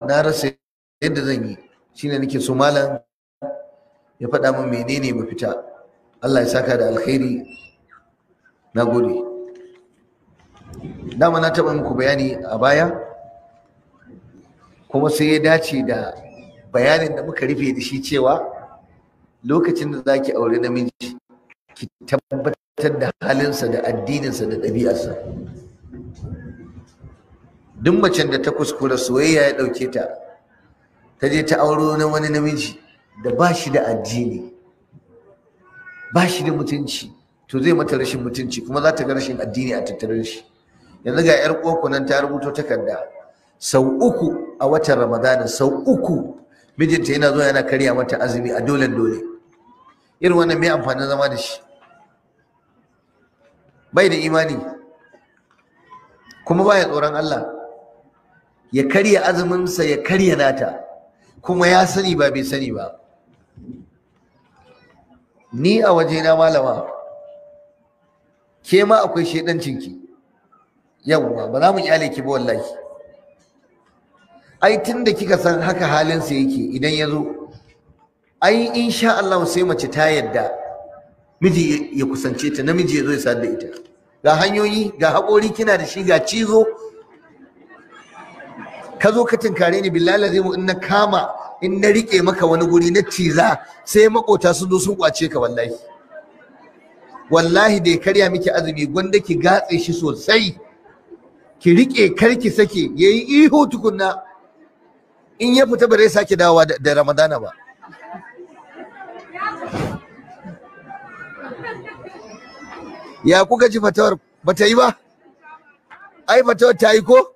na rasa yadda zan yi shine nake so malam ya faɗa min menene mafita Allah ya saka da alkhairi na gode dama na taɓa muku bayani a baya kuma sai ya dace da bayanin da muka rufe da shi cewa lokacin da zaki aure namiji ki tabbatar da halinsa da addininsa da ɗabi'arsa duk macen da ta kuskura soyayya ya ɗauke ta ta je ta auro na wani namiji da ba shi da addini ba shi da mutunci to zai mata rashin mutunci kuma za ta ga rashin addini a tattare shi yanzu ga yar koko nan ta rubuto takarda sau uku a watan ramadana sau uku mijinta yana zuwa yana karya mata azumi a dole dole irin wannan mai amfanin zama da shi bai da imani kuma baya tsoron Allah ya karya azuminsa ya karya nata kuma ya sani ba bai sani ba ni a wajena malama ke ma akwai shedancinki yawwa ba za mu kyale ki ba wallahi ai tunda kika san haka halinsa yake idan ya zo ai insha Allah sai mace ta yadda miji ya kusance ta namiji ya zo ya sadar da ita ga hanyoyi ga haƙori kina da shi ga cizo ka zo ka tinkare ni billahi mu in na kama in na rike maka wani guri na ciza sai makota sun zo sun kwace ka wallahi wallahi da ya karya miki azumi gwanda ki gatse shi sosai ki rike karki sake yayi ihu tukunna in ya fita ba zai sake dawowa da ramadana ba ya kuka ji fatawar ba ta yi ba ai fatawar ta yi ko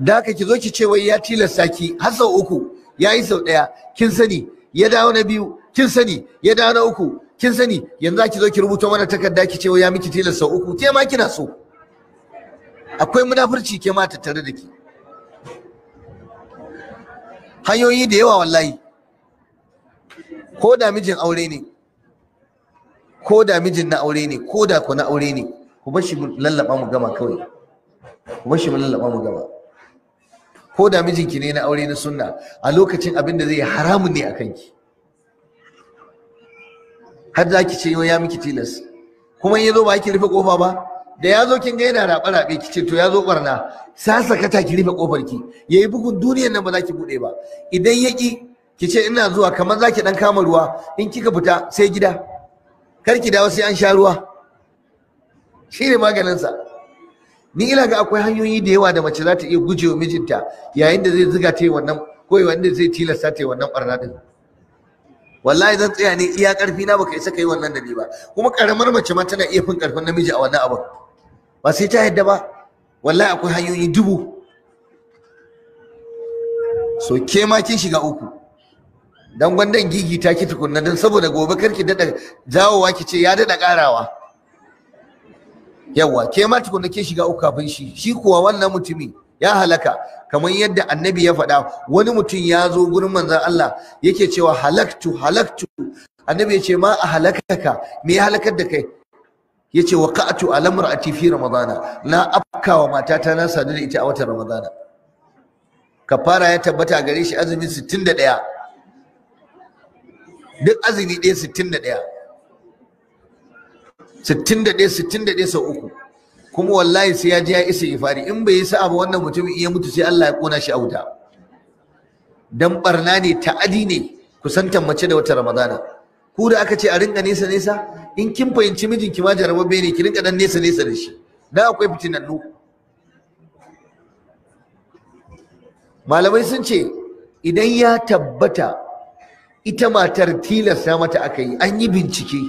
daka ki zo ki ce wai ya tilasta ki har sau uku ya yi sau ɗaya kin sani ya dawo na biyu kin sani ya dawo na uku kin sani yanzu za ki zo ki rubuta mana takarda ki ce wai ya miki tilasta uku ke ma kina so akwai munafurci ke ma tattare da ki hanyoyi da yawa wallahi ko da mijin aure ne ko da mijin na aure ne ko da ku na aure ne ku bar shi mu lallaba mu gama kawai ku bar shi mu lallaba mu gama ko da mijinki ne na aure na sunna a lokacin abin da zai haramun ne a kanki har za ki ce ya miki tilas kuma in ya zo ba ki rufe kofa ba da ya zo kin ga yana raɓa raɓe ki ce to ya zo ɓarna sasaka ta ki rufe kofar ki ya yi bugun duniyar nan ba za ki buɗe ba idan ya ki ki ce ina zuwa kamar za ki ɗan kama ruwa in kika fita sai gida kar ki dawo sai an sha ruwa shi ne maganinsa ni ila ga akwai hanyoyi da yawa da mace za ta iya gujewa mijinta yayin da zai ziga ta yi wannan ko wanda zai tilasta ta yi wannan ɓarna din wallahi zan tsaya ne iya ƙarfi na baka isa kai wannan da ni ba kuma ƙaramar mace ma tana iya fin ƙarfin namiji a wannan abin ba sai ta yadda ba wallahi akwai hanyoyi dubu so ke ma kin shiga uku dan gwandan gigi ta ki tukunna dan saboda gobe karki dada jawowa ki ce ya dada karawa yawa ke ma tukunna ke shiga uku kafin shi shi kuwa wannan mutumi ya halaka kamar yadda annabi ya faɗa wani mutum ya zo gurin manzon Allah yake cewa halaktu halaktu annabi ya ce ma a halakaka me ya halakar da kai Ya ce ka'atu a lamar a tifi ramadana na afka wa matata na sadu da ita a watan ramadana kafara ya tabbata gare shi azumin 61 duk azumi ɗaya 61 61 61 sau uku kuma wallahi sai ya je ya isa ifari in bai yi sa'a ba wannan mutumin iya mutu sai Allah ya kona shi a wuta dan barna ne ta'adi ne kusantan mace da wata ramadana ku da aka ce a ringa nesa nesa in kin fahimci mijin ki ma jarababbe ne ki rinka dan nesa nesa da shi da akwai fitinannu malamai sun ce idan ya tabbata ita matar tilasta mata aka yi an yi bincike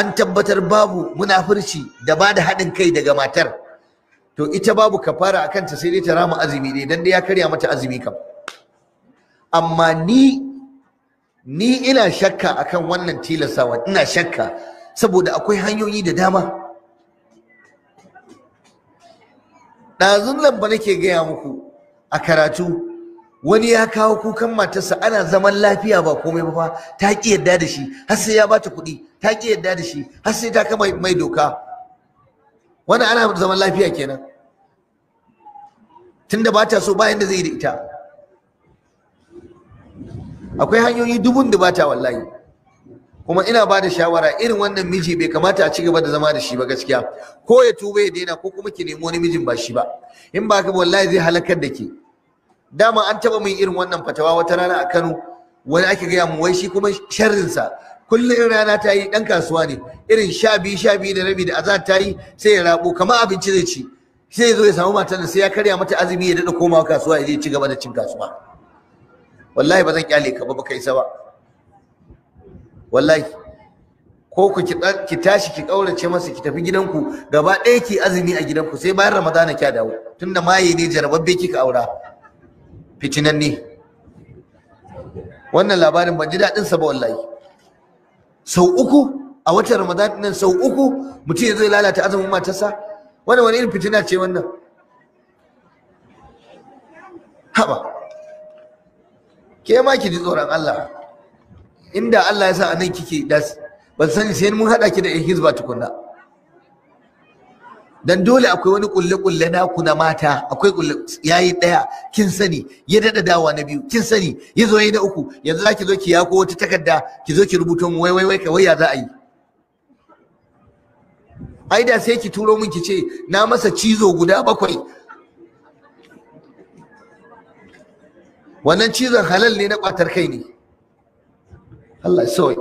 an tabbatar babu munafurci da ba da haɗin kai daga matar to ita babu kafara a kanta sai dai ta rama azumi ne dan dai ya karya mata azumi kam amma ni ni ina shakka akan wannan tilastawa ina shakka saboda akwai hanyoyi da dama ɗazun nan ba nake gaya muku a karatu wani ya kawo kukan matarsa ana zaman lafiya ba komai ba fa ta ki yadda da shi har sai ya bata kuɗi ta ki yadda da shi har sai ta kama mai doka wani ana zaman lafiya kenan tunda ba ta so bayan da zai yi da ita akwai hanyoyi dubun da ba ta wallahi kuma ina bada shawara irin wannan miji bai kamata a ci gaba da zama da shi ba gaskiya ko ya tuba ya daina ko kuma ki nemi wani mijin ba shi ba in ba ka wallahi zai halakar da ke dama an taba mun irin wannan fatawa wata rana a Kano wani ake gaya mu wai shi kuma sa kullum in rana ta yi ɗan kasuwa ne irin sha biyu sha biyu da rabi da azan ta yi sai ya rabo kamar abinci zai ci sai ya zo ya samu matar sai ya karya mata azumi ya dada komawa kasuwa ya je ci gaba da cin kasuwa wallahi ba zan kyale ka ba kai isa ba wallahi ko ku ki tashi ki kaurace masa ki tafi gidanku gaba ɗaya ki azumi a gidanku sai bayan ramadana kya dawo tunda maye ne jarababbe kika aura fitinan ne wannan labarin ban ji daɗin sa ba wallahi sau uku a watan Ramadana nan sau uku mutum ya zai lalata azumin matarsa wannan wani irin fitina ce wannan haba ke ma ki ji tsoron Allah inda Allah ya sa a nan kike das ban sani sai mun haɗa ki da ehiz ba tukunna dan dole akwai wani kulle kulle na ku na mata akwai kulle yayi daya kin sani ya dada dawa na biyu kin sani ya zo yayi na uku yanzu zaki zo ki yako wata takarda ki zo ki rubuto mu wai wai wai kai ya za a yi ai da sai ki turo min ki ce na masa cizo guda bakwai wannan cizon halal ne na kwatar kai ne Allah sauki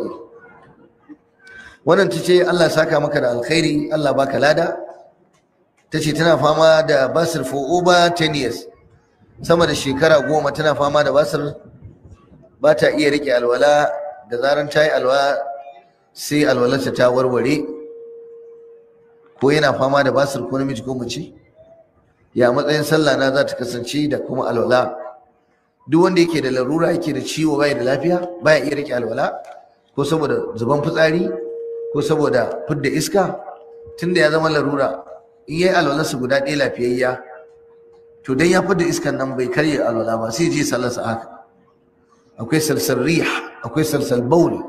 wannan ta ce Allah saka maka da alkhairi Allah baka lada ta ce tana fama da basir for over 10 years sama da shekara goma tana fama da basir ba ta iya rike alwala da zaran ta yi alwala sai alwalarta ta warware ko yana fama da basir ko namiji ko mace ya matsayin sallah na za ta kasance da kuma alwala duk wanda yake da larura yake da ciwo bai da lafiya baya iya rike alwala ko saboda zuban fitsari ko saboda fidda iska tunda ya zama larura in yayi alwala alwalarsa guda ɗaya lafiyayya to dan ya fidda iskan nan bai karya alwala ba sai je sa haka akwai salsal rih akwai salsal bauli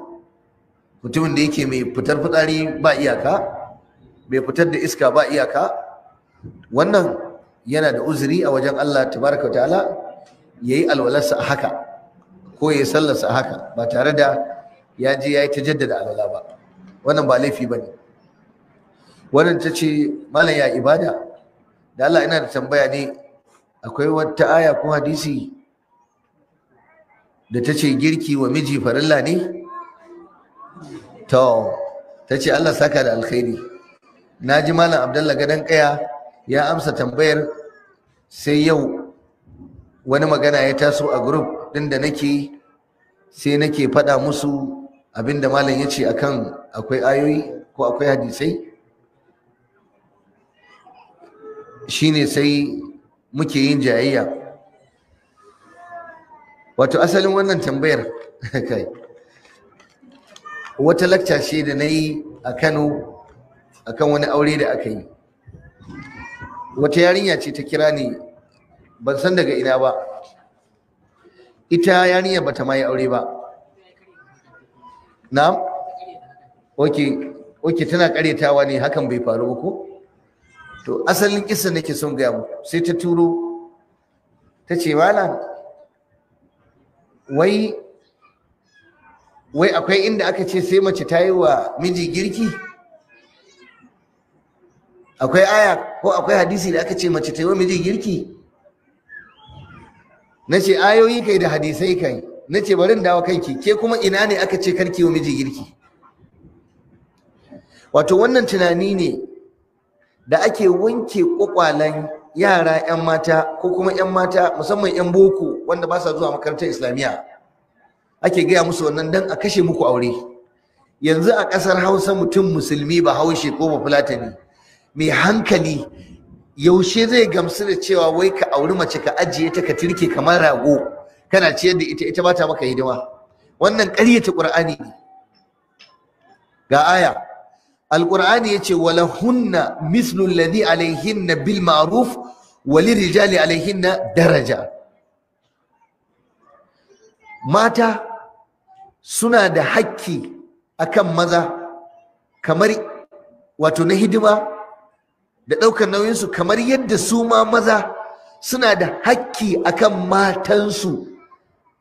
mutumin da yake mai fitar fitsari ba iyaka mai fitar da iska ba iyaka wannan yana da uzuri a wajen Allah tabaraka ta'ala ya yi alwalarsa a haka ko ya yi sallarsa a haka ba tare da ya je ya yi ta jaddada alwala ba wannan ba laifi ba ne wannan ta ce malam ya ibada da Allah ina da tambaya ne akwai wata aya ko hadisi da ta ce girki wa miji farilla ne to ta ce Allah saka da alkhairi na ji malam abdallah gadon kaya ya amsa tambayar sai yau wani magana ya taso a group din da nake sai nake faɗa musu abinda malam ya ce akan akwai ayoyi ko akwai hadisai shine sai muke yin jayayya wato asalin wannan tambayar kai wata lakca ce da na yi a kano akan wani aure da aka yi wata yarinya ce ta kira ni ban san daga ina ba ita yarinya ta ma yi aure ba na'am oke oke tana karyatawa ne hakan bai faru ba ko to asalin kissa nake son gaya mu sai ta turo ta ce wai wai akwai inda aka ce sai mace ta yi wa miji girki akwai aya ko akwai hadisi da aka ce mace ta yi wa miji girki Nace ayoyi kai da hadisai kai na ce barin dawo kanki ke kuma ina ne aka ce karki wa miji girki wato wannan tunani ne da ake wanke kwakwalen yara 'yan mata ko kuma 'yan mata musamman 'yan boko wanda ba sa zuwa makarantar islamiyya ake gaya musu wannan dan a kashe muku aure yanzu a ƙasar hausa mutum musulmi ba haushe ko ba fulatani mai hankali yaushe zai gamsu da cewa wai ka auri mace ka ajiye ta ka tirke kamar rago kana ciyar da ita ita bata maka hidima wannan ƙaryata ƙur'ani ne ga aya alƙur'ani yace ce wala hunna mislu alladhi alaihinna bil ma'ruf wali rijali daraja mata suna da hakki akan maza kamar wato na hidima da ɗaukar nauyinsu kamar yadda su ma maza suna da hakki akan matansu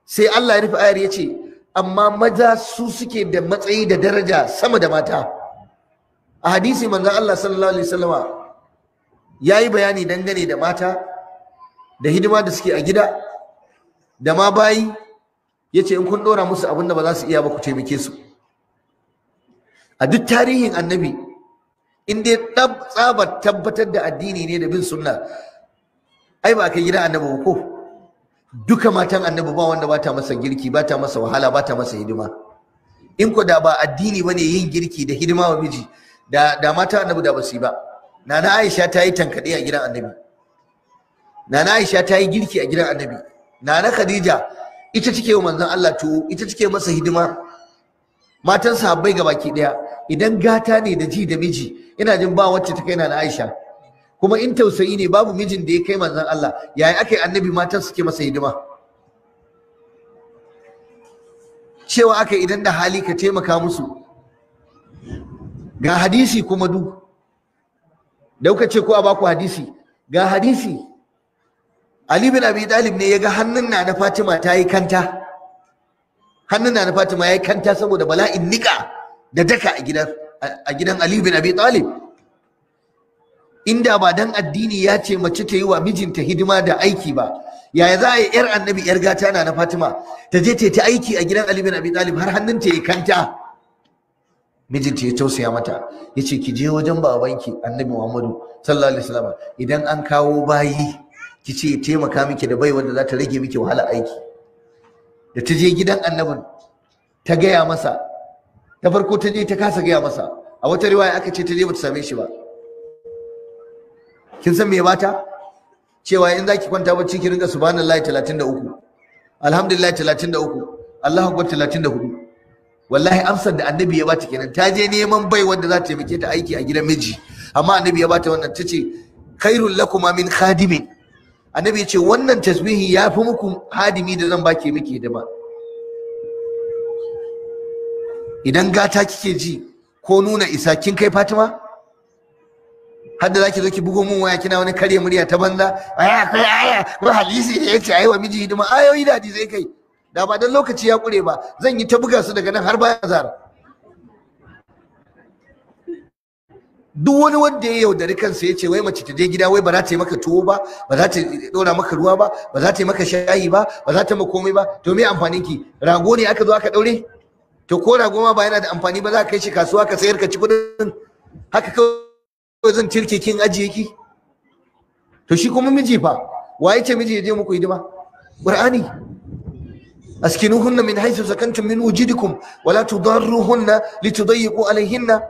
sai Allah ya rufe ayar ya ce amma maza su suke da matsayi da daraja sama da mata a hadisi manzan Allah sallallahu alaihi wasallama yayi bayani dangane da mata da hidima da suke a gida da ma bayi yace in kun ɗora musu abin da ba za su iya ba ku taimake su a duk tarihin annabi in dai tsabar tabbatar da addini ne da bin sunna ai ba kai gidan annabi ba ko duka matan annabi ba wanda ba ta masa girki ba ta masa wahala ba ta masa hidima in ko da ba addini ne yin girki da hidima wa miji da da mata annabi da basu yi ba nana Aisha ta yi tankade a gidan annabi nana Aisha ta yi girki a gidan annabi nana Khadija ita ma wa manzon Allah tuwo ita cike masa hidima matan sahabbai gabaki ɗaya. idan gata ne da ji da miji ina jin ba wacce ta kai na Aisha kuma in tausayi ne babu mijin da ya kai manzon Allah yayi ake annabi matan suke masa hidima cewa ake idan da hali ka taimaka musu ga hadisi kuma du da kuka ce ko a baku hadisi ga hadisi Ali bin Abi Talib ne ya ga hannun na na Fatima ta yi kanta hannun na na Fatima ya yi kanta saboda bala'in niƙa da daka a gidan a Ali bin Abi Talib inda ba dan addini ya ce mace ta yi wa mijinta hidima da aiki ba yaya za a yi yar annabi yar gata na na Fatima ta je ta ta aiki a gidan Ali bin Abi Talib har hannunta ya kanta mijinta ya tausaya mata ya ce ki je wajen babanki annabi Muhammadu sallallahu alaihi wasallam idan an kawo bayi ki ce taimaka miki da bai wanda za ta rage miki wahala aiki da ta je gidan annabin ta gaya masa ta farko ta je ta kasa gaya masa a wata riwaya aka ce ta je bata same shi ba kin san me ya bata cewa in zaki kwanta bacci ki rinka subhanallahi 33 alhamdulillah 33 Allahu akbar 34 wallahi amsar da annabi ya bata kenan ta je neman bai wanda za ta taimake ta aiki a gidan miji amma annabi ya bata wannan tace khairul lakuma min khadimin annabi ya ce wannan tasbihi ya fi muku hadimi da zan baki miki da ba idan gata kike ji ko nuna isa kin kai Fatima hadda zaki zo ki bugo mun waya kina wani karya murya ta banza aya akwai aya ko hadisi ne yace ayi wa miji hidima ayoyi da hadisi kai da ba dan lokaci ya kure ba zan yi ta buga su daga nan har bayan zara duk wani wanda ya yaudari kansa ya ce wai mace ta je gida wai ba za ta yi maka tuwo ba ba za ta dora maka ruwa ba ba za ta yi maka shayi ba ba za ta maka komai ba to me amfanin ki rago ne aka zo aka daure to ko rago goma ba yana da amfani ba za ka kai shi kasuwa ka sayar ka ci kudin haka kawai zan tirke kin ajiye ki to shi kuma miji fa waye ce miji ya je muku hidima qur'ani askinuhunna min haythu sakantum min wujidikum wa la tudarruhunna litudayyiqu alayhinna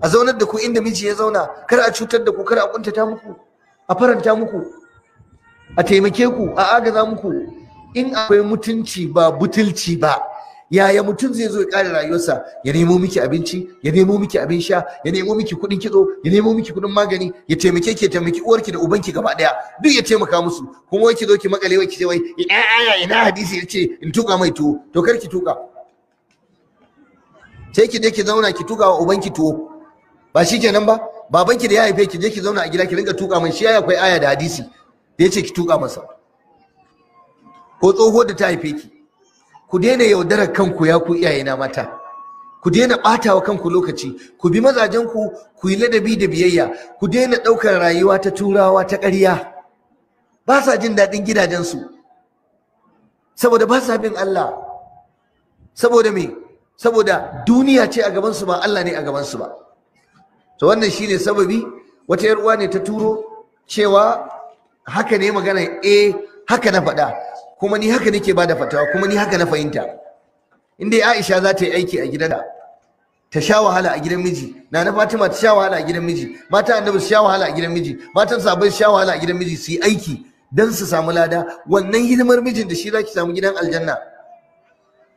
a zaunar da ku inda miji ya zauna kar a cutar da ku kar a kuntata muku a faranta muku a taimake ku a agaza muku in akwai mutunci ba butulci ba yaya mutum zai zo ya ƙara rayuwarsa ya nemo miki abinci ya nemo miki abin sha ya nemo miki kuɗin kitso ya nemo miki kuɗin magani ya taimake ki ya taimaki uwarki da ubanki gaba daya duk ya taimaka musu kuma wai ki zo ki makale wai ki ce wai ina aya ina hadisi ya ce in tuka mai tuwo to kar ki tuka sai ki je ki zauna ki tuka wa ubanki tuwo ba shi kenan ba babanki da ya haife ki je ki zauna a gida ki rinka tuka mai shi ya akwai aya da hadisi da ya ce ki tuka masa ko tsoho da ta haife ki ku daina yaudarar kanku ya ku iyayena mata ku daina ɓatawa kanku lokaci ku bi mazajenku ku yi ladabi da biyayya ku daina ɗaukar rayuwa ta turawa ta ƙarya ba sa jin daɗin gidajensu saboda ba sa bin Allah saboda me saboda duniya ce a gabansu ba Allah ne a gabansu ba to wannan shine sababi wata yar uwa ne ta turo cewa haka ne magana eh haka na faɗa kuma ni haka nake bada fatawa kuma ni haka na fahimta indai Aisha za ta yi aiki a gidanta ta sha wahala a gidan miji nana Fatima ta sha wahala a gidan miji mata annabi sha wahala a gidan miji matan Sabo sha wahala a gidan miji su yi aiki dan su samu lada wannan hidimar mijin da shi zaki samu gidan aljanna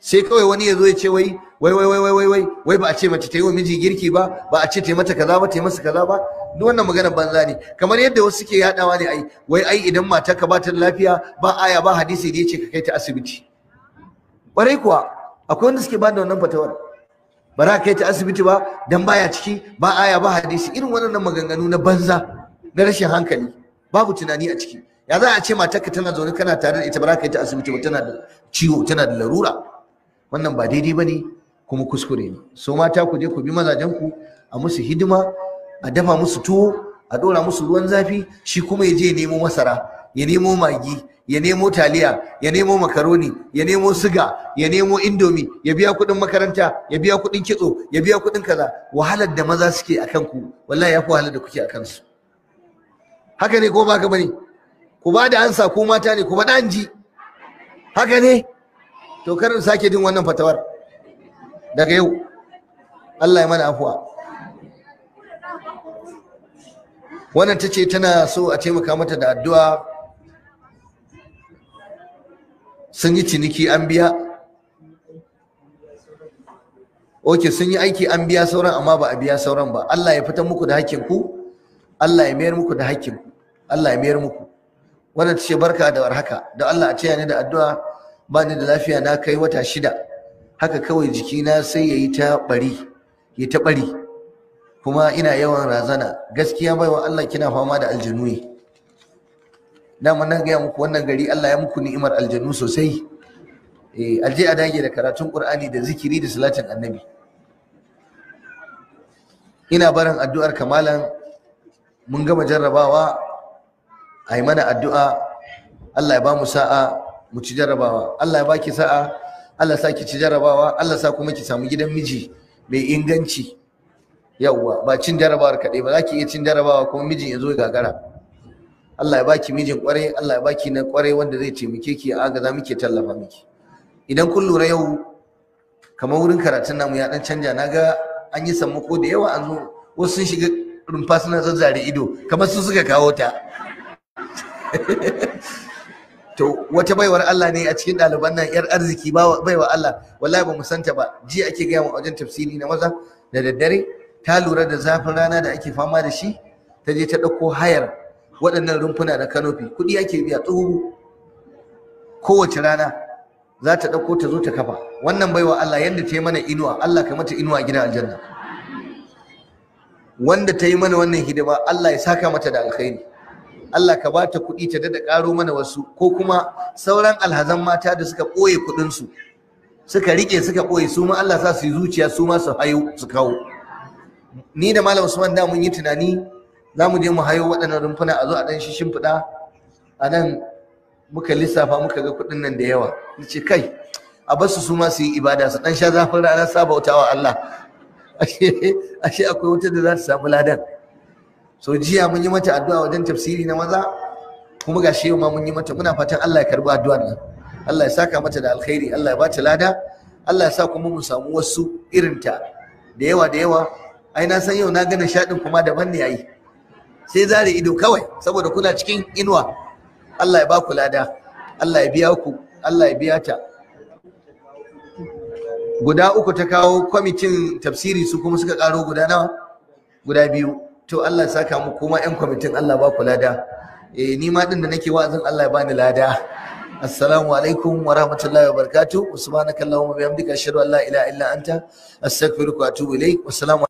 sai kawai wani ya zo ya ce wai wai wai wai wai wai wai ba a ce mace ta yi wa miji girki ba ba a ce ta yi mata kaza ba ta yi masa kaza ba duk wannan magana banza ne kamar yadda wasu suke yadawa ne ai wai ai idan mata ka ba ta lafiya ba aya ba hadisi da yace ka kai ta asibiti kwarai kuwa akwai wanda suke bada wannan fatawar ba za kai ta asibiti ba dan baya ciki ba aya ba hadisi irin wannan maganganu na banza na rashin hankali babu tunani a ciki ya za a ce matarka tana zaune kana tare da ita ba za ka yi ta asibiti ba tana da ciwo tana da larura wannan ba daidai ba ne kuma kuskure ne so mata ku je ku bi mazajen ku, a musu hidima a dafa musu tuwo a ɗora musu ruwan zafi shi kuma ya je ya nemo masara ya nemo magi ya nemo taliya ya nemo makaroni ya nemo suga, ya nemo indomi ya biya kuɗin makaranta ya biya kuɗin kitso ya biya kuɗin kaza wahalar da maza suke a kanku wallahi ya fi wahalar da kuke a kansu haka ne ko ba ka bane ku ba da ansa ko mata ne ku faɗa an ji haka ne to in sake jin wannan fatawar daga yau Allah ya mana afuwa wannan ta ce tana so a taimaka mata da addu'a sun yi ciniki an biya ok sun yi aiki an biya sauran amma ba a biya sauran ba Allah ya fitar muku da hakkin ku Allah ya mayar muku da hakkin ku Allah ya mayar muku wannan ta ce barka da warhaka da Allah a ce ni da addu'a ba ni da lafiya na kai wata shida haka kawai jikina sai ya yi ta bari ya ta kuma ina yawan razana gaskiya baiwa Allah kina fama da aljanu ne nan gaya muku wannan gari Allah ya muku ni'imar aljanu sosai eh aje a dage da karatun Qur'ani da zikiri da salatin annabi ina barin addu'ar kamalan mun gama jarrabawa a yi mana addu'a Allah ya ba mu sa'a mu ci jarabawa Allah ya baki sa'a Allah sa ki ci jarabawa Allah sa kuma ki samu gidan miji mai inganci yawwa ba cin jarabawar kaɗai ba za ki iya cin jarabawa kuma mijin ya zo gagara Allah ya baki mijin kwarai Allah ya baki na kwarai wanda zai taimake ki a agaza muke tallafa miki idan kun lura yau kamar wurin karatun namu ya dan canja naga an yi sammako da yawa an zo wasu sun shiga rumfa suna zazzare ido kamar su suka kawo ta to wata baiwar Allah ne a cikin ɗaliban nan yar arziki ba baiwa Allah wallahi ba mu santa ba ji ake gaya mu wajen tafsiri na maza da daddare ta lura da zafin rana da ake fama da shi ta je ta ɗauko hayar waɗannan rumfuna da kanofi kuɗi ake biya tsohu kowace rana za ta ɗauko ta zo ta kafa wannan baiwa Allah yadda ta yi mana inuwa Allah ka mata inuwa gidan aljanna wanda ta yi mana wannan hidima Allah ya saka mata da alkhairi Allah ka ba ta kuɗi ta dada ƙaro mana wasu ko kuma sauran alhazan mata da suka ɓoye kuɗinsu suka riƙe suka ɓoye su ma Allah za su yi zuciya su ma su hayo su kawo ni da malam Usman da mun yi tunani za mu je mu hayo waɗannan rumfuna a zo a ɗan shishin shimfiɗa a nan muka lissafa muka ga kuɗin nan da yawa ni ce kai a basu su ma su yi ibada su ɗan sha zafin rana sabautawa Allah ashe akwai wuta da za ta samu ladan so jiya mun yi mata addu'a wajen tafsiri na maza kuma gashi yau ma mun yi mata muna fatan Allah ya karbi addu'ar nan Allah ya saka mata da alkhairi Allah ya ba ta lada Allah ya sa kuma mu samu wasu irinta da yawa da yawa ai na san yau na ga nishaɗin kuma daban ne yayi sai zare ido kawai saboda kuna cikin inuwa Allah ya ba ku lada Allah ya biya ku Allah ya biya ta guda uku ta kawo kwamitin tafsiri su kuma suka karo guda nawa guda biyu to Allah ya saka mu kuma yan kwamitin Allah ba ku lada eh ni ma din da nake wa'azin Allah ya bani lada assalamu alaikum wa rahmatullahi wa barakatuh subhanakallahumma wa bihamdika ashhadu an la ilaha illa anta astaghfiruka wa atubu ilaik wassalamu